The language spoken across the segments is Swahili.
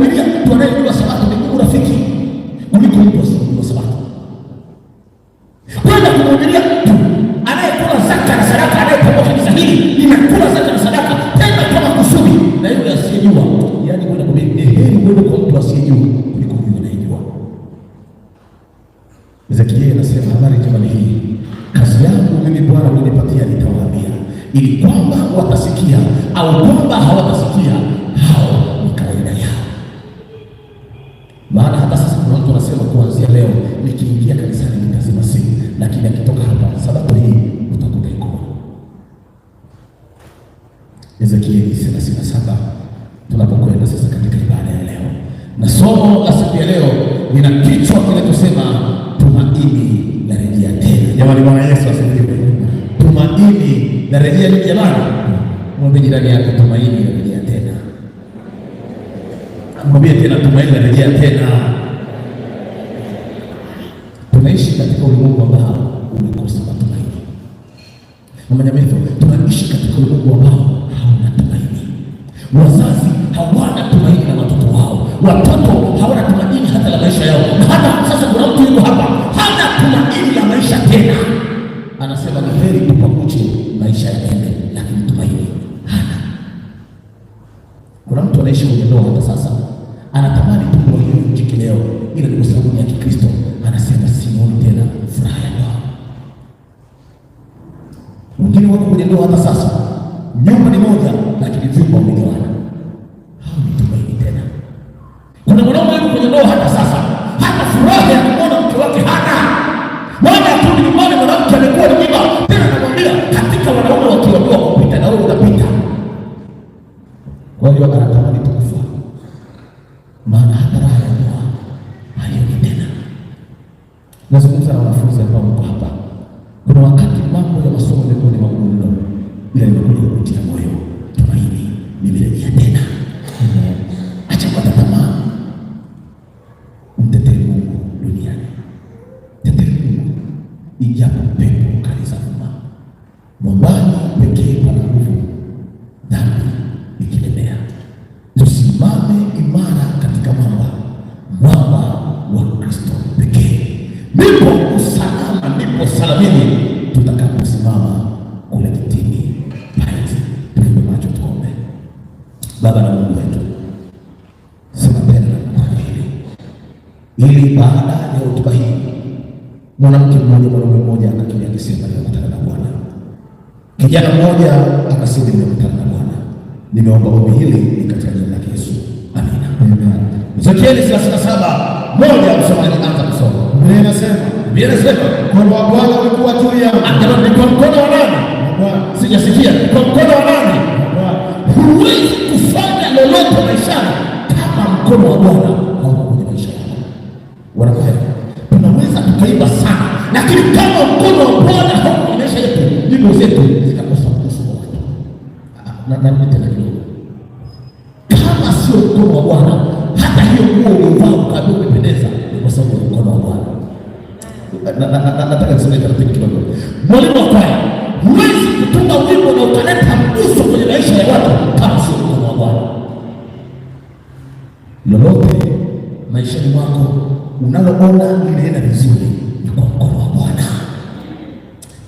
Biblia, Jamani, Bwana Yesu asifiwe. Tumaini na rejea ni Jamani, mwambie jirani yako tumaini na rejea tena, mwambie tena tumaini na rejea tena. Tunaishi katika ulimwengu ambao umekosa matumaini. Mama jamii, tunaishi katika ulimwengu ambao hauna tumaini. Wazazi hawana tumaini na watoto wao, watoto hawana tumaini hata la maisha yao, na hata sasa kuna mtu yuko hapa maisha tena, anasema ni heri kupa kuche maisha yaende, lakini tumaini hana. Kuna mtu anaishi kwenye ndoa hata sasa, anatamani tu ndoa hiyo ivunjike leo, ila kwa sababu ya Kikristo anasema sioni tena furaha ya ndoa. Wengine wako kwenye ndoa hata sasa, nyumba ni moja, lakini vyumba vimegawana. Hao ni tumaini tena. Kuna mwanaume yuko kwenye ndoa Yeah. Baba na Mungu wetu, sema mbele na hili ili baada ya hotuba hii mwanamke mmoja mwanaume mmoja akatumia akisema, nimekutana na Bwana. Kijana mmoja akasema, nimekutana na Bwana. Nimeomba ombi hili ni katika jina la Yesu, amina. Ezekieli 37 moja, msomaji anza kusoma. Biblia inasema Biblia inasema mkono wa Bwana ulikuwa juu yangu. Angalau ni kwa mkono wa nani? Sijasikia kwa mkono wa nani? Huwezi lolote maishani kama mkono wa Bwana hauko kwenye maisha yako. Wanafanya tunaweza tukaiba sana, lakini kama mkono wa Bwana hauko kwenye maisha yetu, nyimbo zetu zitakosa kuhusu watu ah, na nani tena kidogo, kama sio mkono wa Bwana. Hata hiyo nguo uliovaa ukaambia umependeza, ni kwa sababu ya mkono wa Bwana. Nataka nisome taratibu kidogo. Mwalimu wa kwaya, huwezi kutunga wimbo na ukaleta mguso kwenye maisha ya watu kama sio mkono wa Bwana lolote maishani mwako unaloona linaenda vizuri, ni kwa mkono wa Bwana.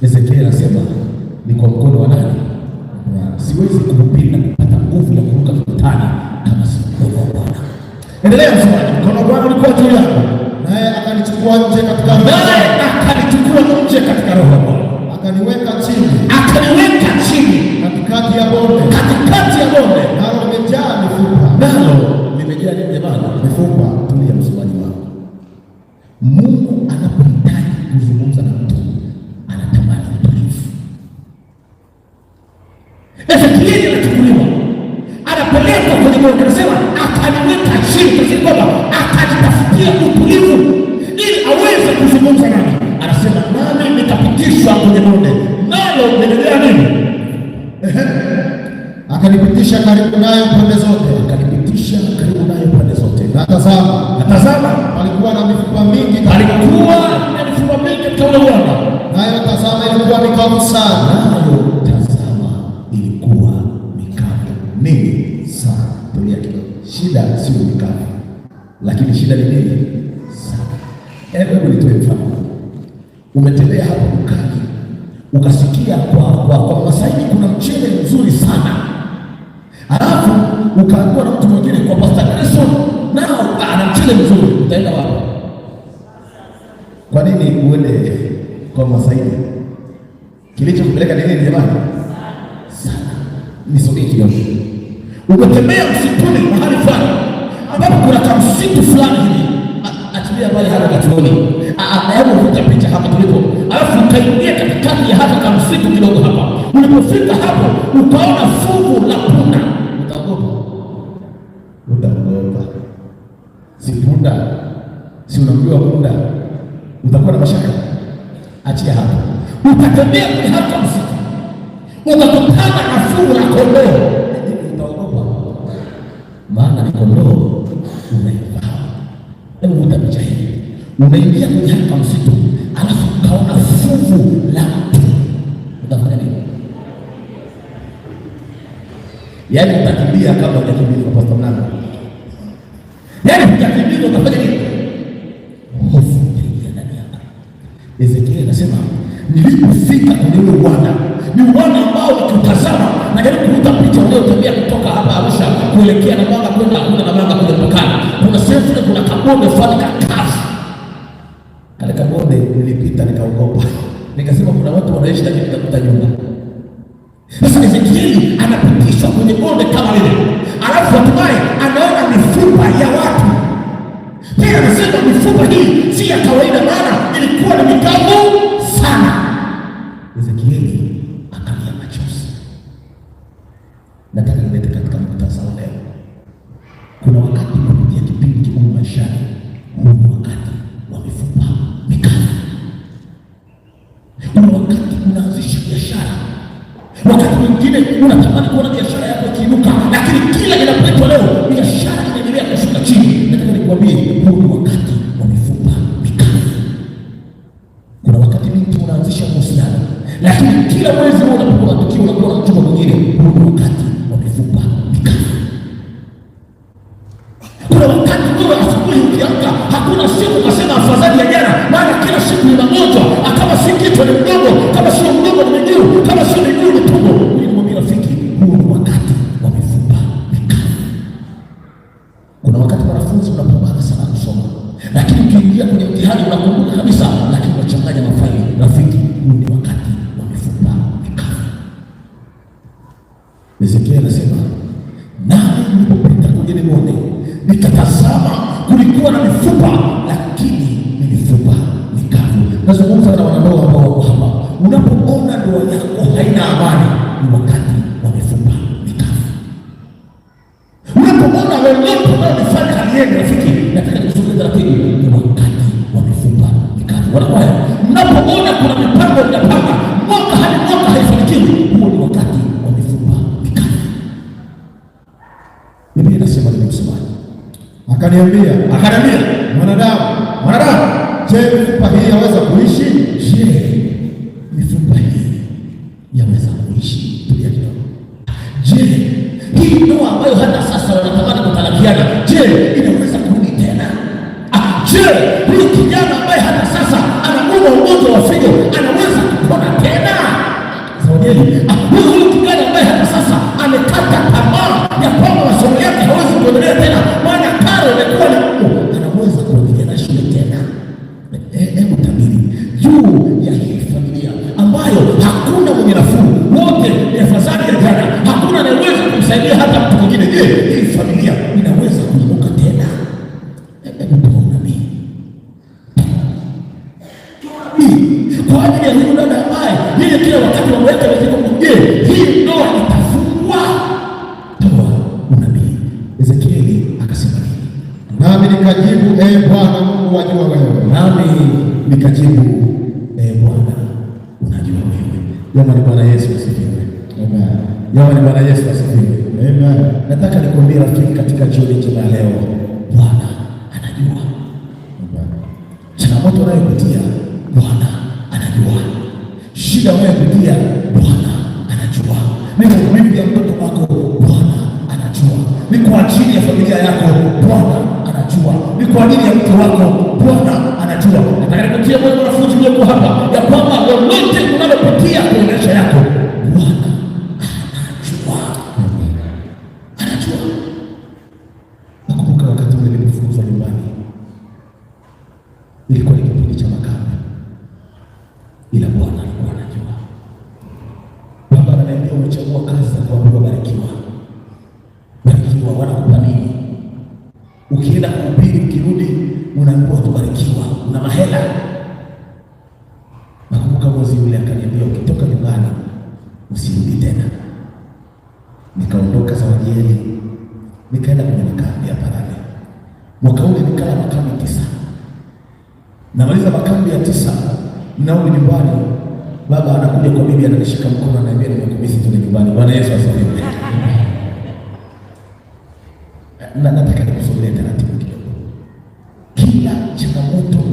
ezekiel anasema ni kwa mkono wa nani? Siwezi kuhubiri na kupata nguvu ya kuruka vitani kama si mkono wa Bwana. Endelea msomaji. Mkono wa Bwana ulikuwa juu yako, naye akanichukua nje katika mbele, akanichukua nje katika roho ya Bwana, akaniweka chini, akaniweka chini katikati ya bonde, katikati ya bonde Biblia ni jamani, mifupa tulia, msomaji wako. Mungu anapohitaji kuzungumza na mtu anatamani utulivu. Ezekieli anachukuliwa, anapelekwa kwenye bonde, anasema ataliweka chini, kwa sababu atajitafutia utulivu ili aweze kuzungumza nami. Anasema nami nitapitishwa kwenye bonde, nalo linaendelea nini? Akanipitisha karibu nayo pande zote, akanipitisha Tazama, tazama, palikuwa na mifupa mingi, palikuwa na mifupa mingi katika ule uwanda, nayo tazama, ilikuwa mikavu sana kuwasaidia. Kilichompeleka nini jamani? Sana nisogee kidogo. Umetembea msituni mahali fulani ambapo kuna kamsitu fulani hivi, ah, achilia mbali hapa katuoni, ah, ah, hebu vuta picha hapa tulipo, alafu ukaingia katikati ya hata kamsitu kidogo hapa. Ulipofika hapo, ukaona fungu la punda, utaogopa? Utaogopa? Si punda, si unamjua punda, utakuwa na mashaka Achia hapo, utatembea kule hata msitu, unakutana na fungu la kondoo, lakini utaogopa, maana kondoo unaifahamu. Hebu vuta picha hii, unaingia kwenye hata msitu, alafu ukaona fungu la mtu, utafanya nini? Yaani utakimbia kama hujakimbizwa, Pastor Mlando? Yaani hujakimbizwa, utafanya nini? Hofu ingia ndani yako. Ezekiel nilipofika kwenye ule uwanda, ni uwanda ambao wakiutazama, najaribu kuuta picha uliotembea kutoka hapa Arusha kuelekea Namanga kwenda Hakuna Namanga kule mpakani, kuna sehemu ile kuna kabonde fulani kakavu. Kale kabonde nilipita nikaogopa, nikasema kuna watu wanaishi lakini nikakuta nyumba kuanzisha mahusiano, lakini kila mwezi unapokuwa tukio unakuwa na mtu mwingine, huu wakati wa mifupa hiki nataka nikusumbue taratibu, ni wakati wa mifupa mikavu. Wanakwaya, mnapoona kuna mipango inapanga mwaka hadi mwaka haifanikiwi, huo ni wakati wa mifupa mikavu. Biblia inasema nini? Msemaji akaniambia, akaniambia, mwanadamu, mwanadamu, je, mifupa hii yaweza kuishi? msaidie hata mtu mwingine. Je, eh, hii familia el mundo.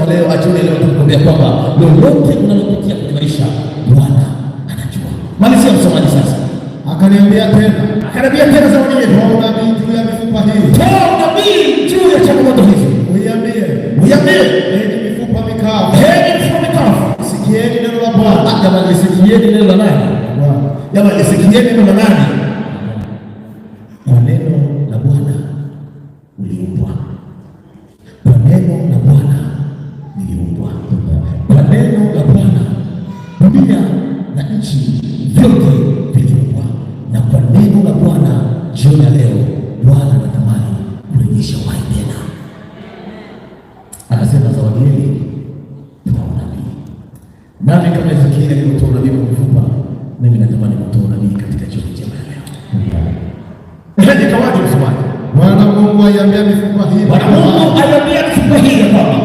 wa leo ajili leo kukuambia kwamba lolote unalopitia kwenye maisha Bwana anajua. Malizia msomaji sasa. Akaniambia tena, akaniambia tena za mwenyewe, toa unabii juu ya mifupa hii, toa unabii juu ya changamoto hizi, uiambie uiambie, heni mifupa mikavu, heni mifupa mikavu, sikieni neno la Bwana. Ah, jamani, sikieni neno la nani? Bwana. Jamani, sikieni neno la nani? aiambia mifupa hii, Bwana Mungu aiambia mifupa hii ya kwamba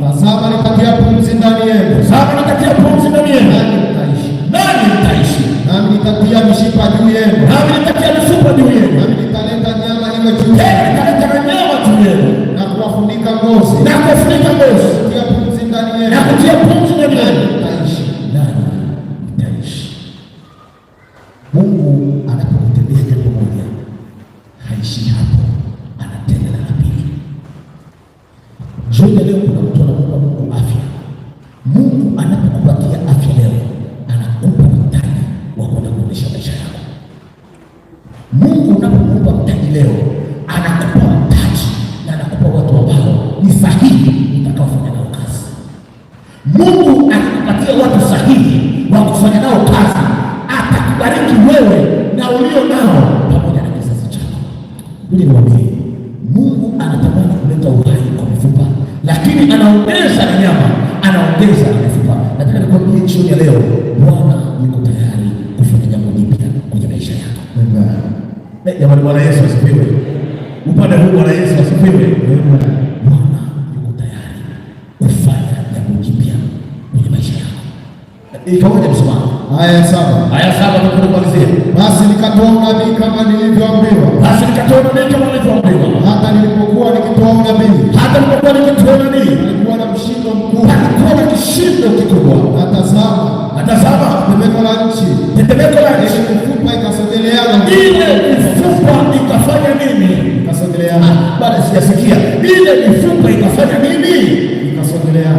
tazama, nikatia pumzi ndani yenu, tazama, nikatia pumzi ndani yenu, nani mtaishi, nami nitatia mishipa juu yenu, nami nitatia mifupa juu yenu, nami nitaleta nyama iwe juu yenu, nitaleta nyama juu yenu, na kuwafunika ngozi, na kuwafunika ngozi, kutia pumzi ndani yenu, na kutia pumzi ndani yenu na kufanya nao kazi, atakubariki wewe na ulio nao pamoja na kizazi chako. Niwaambie, Mungu anatamani kuleta uhai kwa mifupa, lakini anaongeza na nyama, anaongeza na mifupa. Nataka nikwambie jioni ya leo, Bwana yuko tayari kufanya jambo jipya kwenye maisha yako. Eh, jamani, Bwana Yesu asifiwe! Upande huu Bwana Yesu asifiwe! Ikoje msomaji? Aya saba, aya saba tukumalizia. Basi nikatoa unabii kama nilivyoambiwa, basi nikatoa unabii kama nilivyoambiwa. Hata nilipokuwa nikitoa unabii, hata nilipokuwa nikitoa unabii, nilikuwa na mshindo mkuu, nilikuwa na kishindo kikubwa. Natazama, natazama tetemeko la nchi, tetemeko la nchi, mifupa ikasogeleana, ile mifupa ikafanya nini? Ikasogeleana. Ah, bado sijasikia ile mifupa ikafanya nini? ikasogelea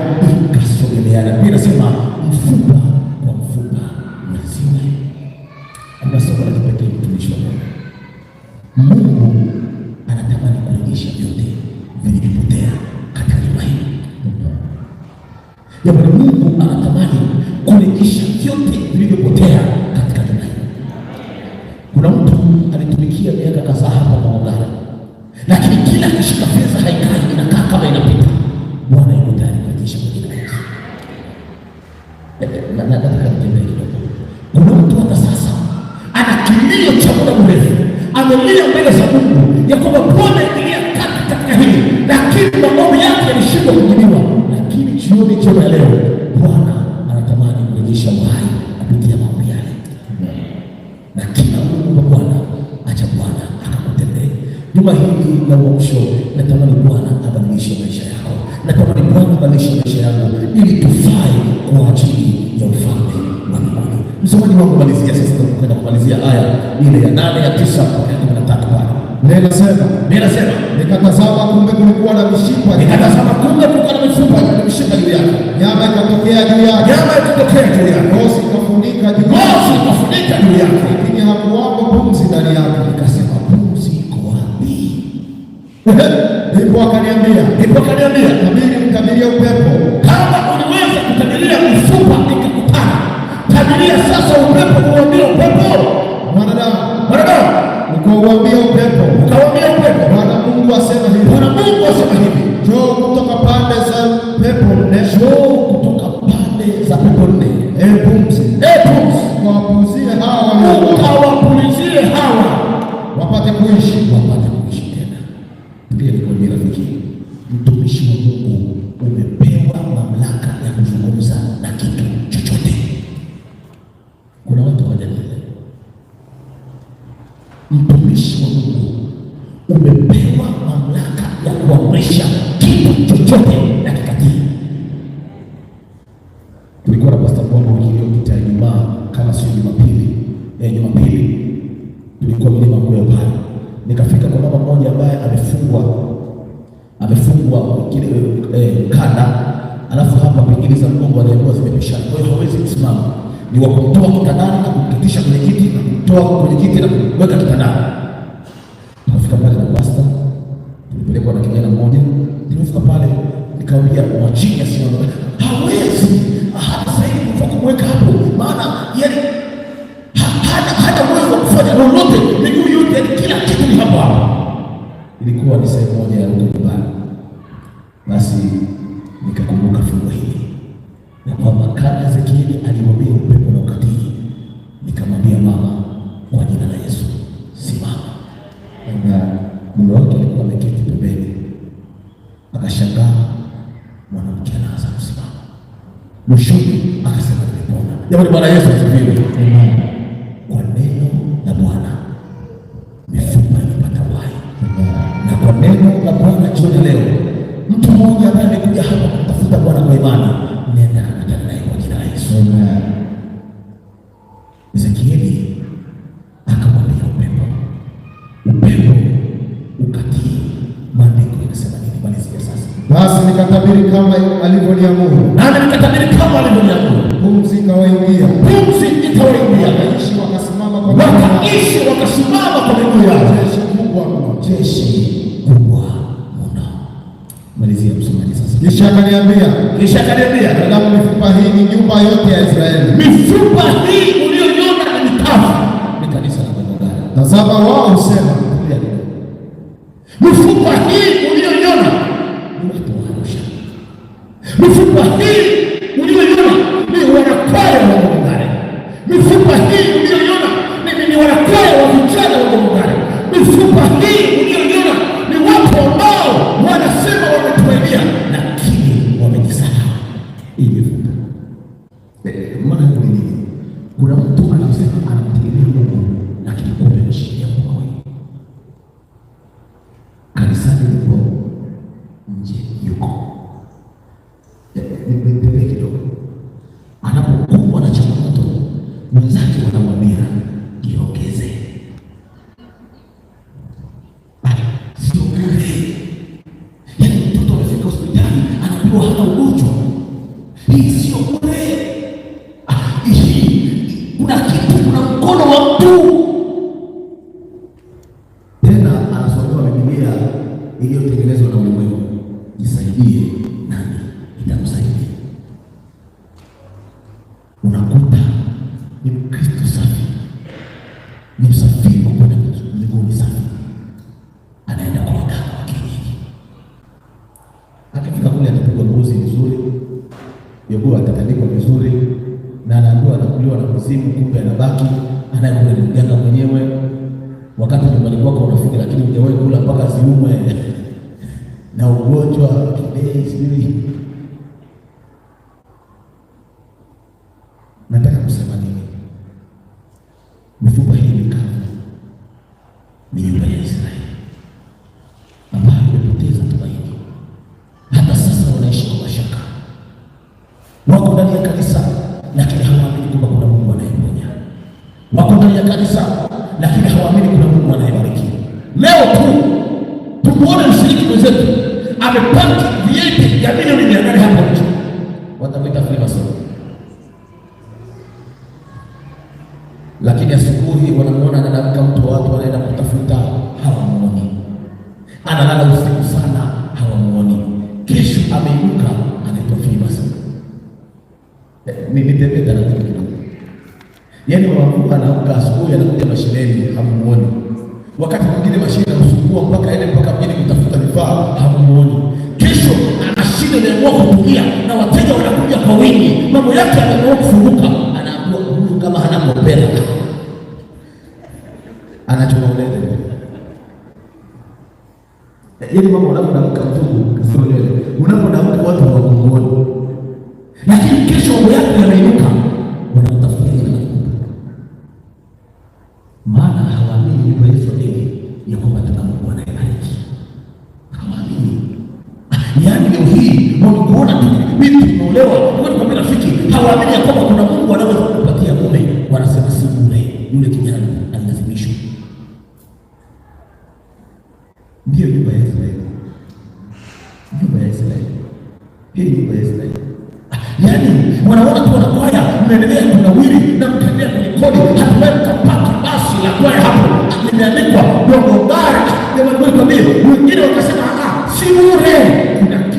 juma hili la uamsho, natamani Bwana abadilishe maisha yako, natamani Bwana abadilishe maisha yako ili tufae kwa ajili ya ufalme wa mbinguni. Msomaji wangu malizia sasa, tunakwenda kumalizia aya ile ya nane ya tisa mpaka ya kumi na tatu pale ninasema ninasema, nikatazama kumbe kulikuwa na mishipa, nikatazama kumbe kulikuwa na mishipa na mishipa juu yake, nyama ikatokea juu yake, nyama ikatokea juu yake, ngozi ikafunika, ngozi ikafunika juu yake, lakini hakuwako pumzi ndani yake ndipo akaniambia, ndipo akaniambia, tabiri mkabilia upepo, kama uliweza kutabilia mfupa ikakutana, tabilia sasa upepo, uambia upepo, mwanadamu, mwanadamu, ukauambia upepo, ukauambia upepo, Bwana Mungu asema hivi, Bwana Mungu asema hivi, njoo kutoka pande za pepo nne, njoo kutoka pande za pepo nne, e pumzi, e pumzi, wapuzie hao ya genius yao. Hawezi hatasaidi kutoka kumweka hapo, maana yeye hana hata uwezo wa kufanya lolote, miguu yote, kila kitu ni hapo hapo. Ilikuwa ni sehemu moja ya ukumbani, basi nikakumbuka fungu hili na kwamba kama Ezekieli alimwambia upepo na ukatii, nikamwambia mama mshindi nikatabiri kama alivyoniamuru, Nani nikatabiri kama alivyoniamuru. Pumzi ikawaingia, pumzi ikawaingia, wakaishi wakasimama, kwa wakaishi wakasimama kwa miguu yao. Jeshi kubwa, jeshi kubwa mno. Malizia msomaji sasa. Kisha akaniambia, kisha akaniambia, tazama, mifupa hii ni nyumba yote ya Israeli. Mifupa hii uliyoiona ni mikafu, ni kanisa la Agano. Tazama, wao husema mifupa hii suco aqui. jogoo atatandikwa vizuri, na anaambiwa anakuliwa na kuzimu, kumbe anabaki anayekula ni mganga mwenyewe. Wakati nyumbani kwako unafika, lakini hujawahi kula mpaka ziumwe na ugonjwa kidei sijui nitembee taratibu kidogo. Yaani wanakuka anaamka asubuhi anakuja mashineni hamuoni. Wakati mwingine mashine anasumbua mpaka ile mpaka mjini kutafuta vifaa hamuoni. Kesho anashinda na kutumia na wateja wanakuja kwa wingi. Mambo yake anaamua kufunguka, anaambiwa huyu kama hana mopera. Anachoma ulele. Yaani mambo unapodamka mtu, sio ulele. Unapodamka watu hawakuoni lakini kesho mambo yako yanainuka, wanakutafuta maana hawaamini kwa hizo dini ya kwamba na imani. hawaamini. Yaani leo hii wanakuona tu mimi nimeolewa, wewe ni rafiki, hawaamini ya kwamba kuna Mungu anaweza kukupatia mume. Wanasema si mume yule, kijana alilazimishwa. Ndiyo nyumba ya Israeli, nyumba ya Israeli, hii nyumba ya Israeli yani wanaona tu wanakwaya, mnaendelea kunawiri na mtaendelea kwenye kodi, hatimaye mtapata basi la kwaya hapo limeandikwa Dogobara. Jamani, kwambie wengine wakasema ah, ah, si bure, kuna kitu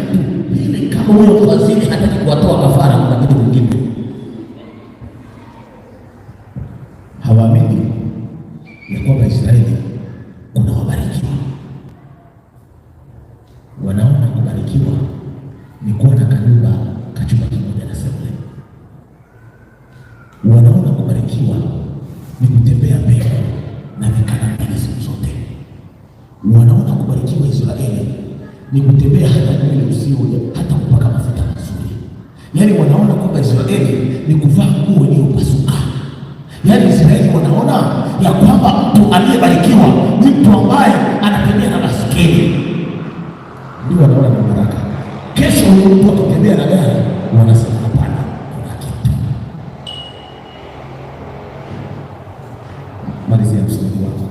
hili. Kama huyo mfadhili hataki kuwatoa kafara, kuna kitu kingine ya kwamba mtu aliyebarikiwa ni mtu ambaye anatembea na baskeli, ndio anaona na baraka. Kesho mtu akitembea na gari wanasema hapana, kuna kitu. Malizia msingi wako,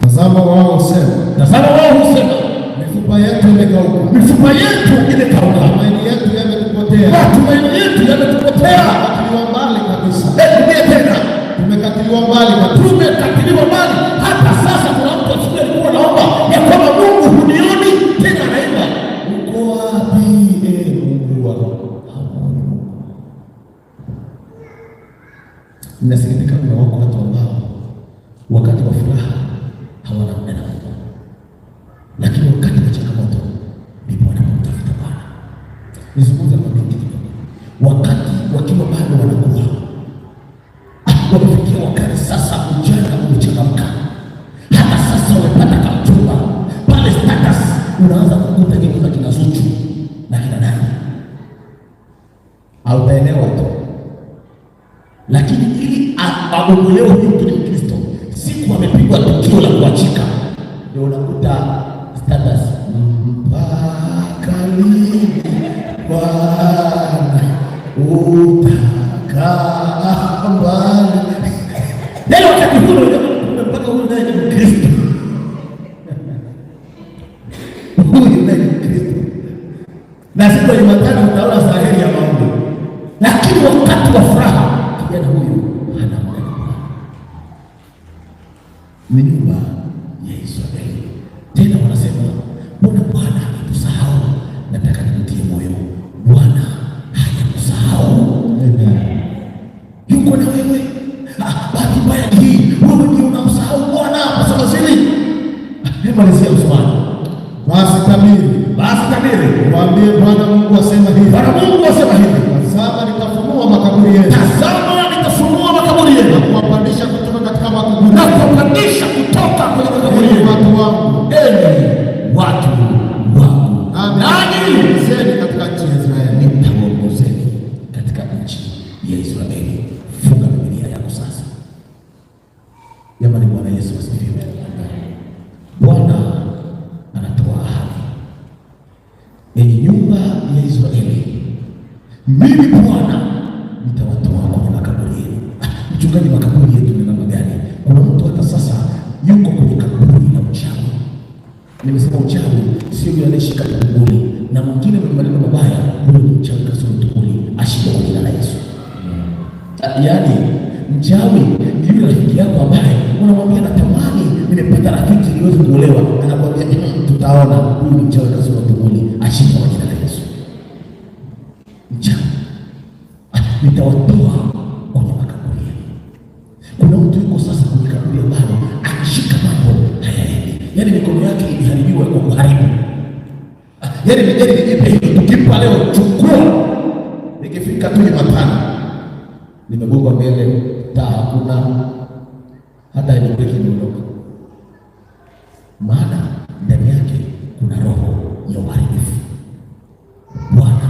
tazama wao husema, tazama wao husema, mifupa yetu imekauka, mifupa yetu imekauka, maini yetu yametupotea, matumaini yetu yametupotea, tumekatiliwa mbali kabisa, tumekatiliwa mbali nizungumze ni makaburi yetu ni namna gani. Kuna mtu hata sasa yuko kwenye kaburi la uchawi. Nimesema uchawi sio yule anaishi katika kaburi, na mwingine mwenye maneno mabaya, huyo ni mchawi kasoro kaburi, ashike kwa jina la Yesu. Ah, yaani mchawi ni yule rafiki yako ambaye unamwambia natamani nimepata rafiki niweze kuolewa, anakuambia hmm, tutaona. Huyu ni mchawi kasoro kaburi, ashike kwa jina la Yesu. Mchawi ah, heri heri, tukimpa leo, chukua. Nikifika tu Jumatano nimegonga mbele, taa hakuna, hata breki imeondoka, maana ndani yake kuna roho ya uharibifu. Bwana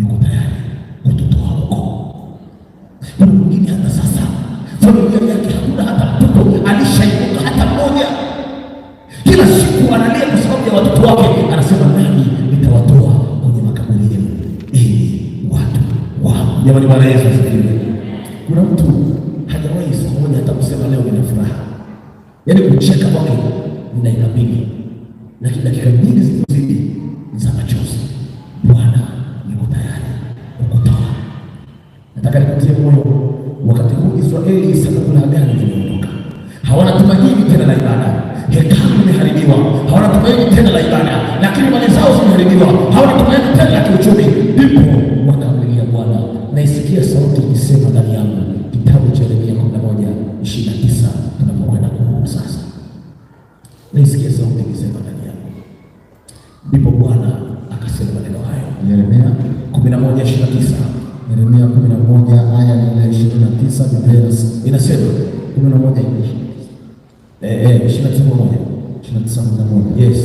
yuko tayari kututoa huko. Kuna mwingine hata sasa familia yake hakuna hata mtoto, alishaiuka hata mmoja, kila siku analia kwa sababu ya watoto wake. Jamani, Bwana Yesu asifiwe. Kuna mtu hajawahi siku moja hata kusema leo nina furaha, yaani kucheka kwake ninaikabili, lakini dakika mbili moja ishirini na tisa Yeremia kumi na moja aya ya ishirini na tisa Biblia inasema kumi na moja eh, eh, ishirini na tisa kumi na moja yes,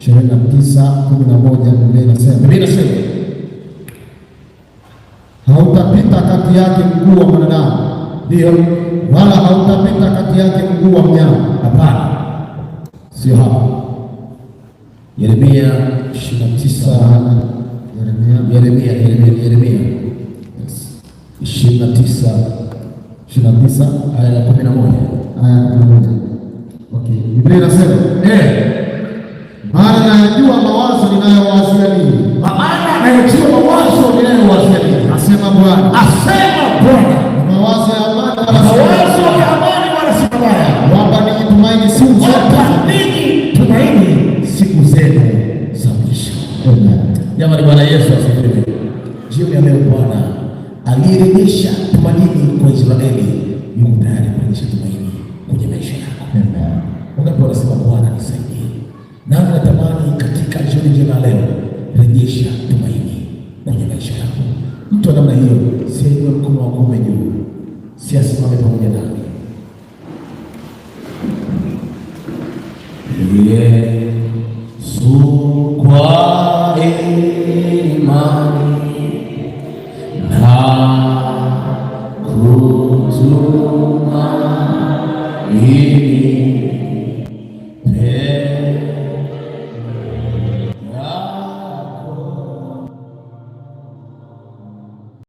ishirini na tisa kumi na moja Biblia inasema Biblia inasema hautapita kati yake mguu wa mwanadamu, ndio wala hautapita kati yake mguu wa mnyama. Hapana, sio hapo. Yeremia ishirini na tisa Yeremia, Yeremia, Yeremia ishirini na tisa ishirini na tisa aya ya kumi na moja aya ya kumi na moja Okay, Biblia inasema eh, maana nayajua mawazo ninayowazia ninyi, maana nayajua mawazo ninayowazia ninyi, asema Bwana, asema Bwana, mawazo ya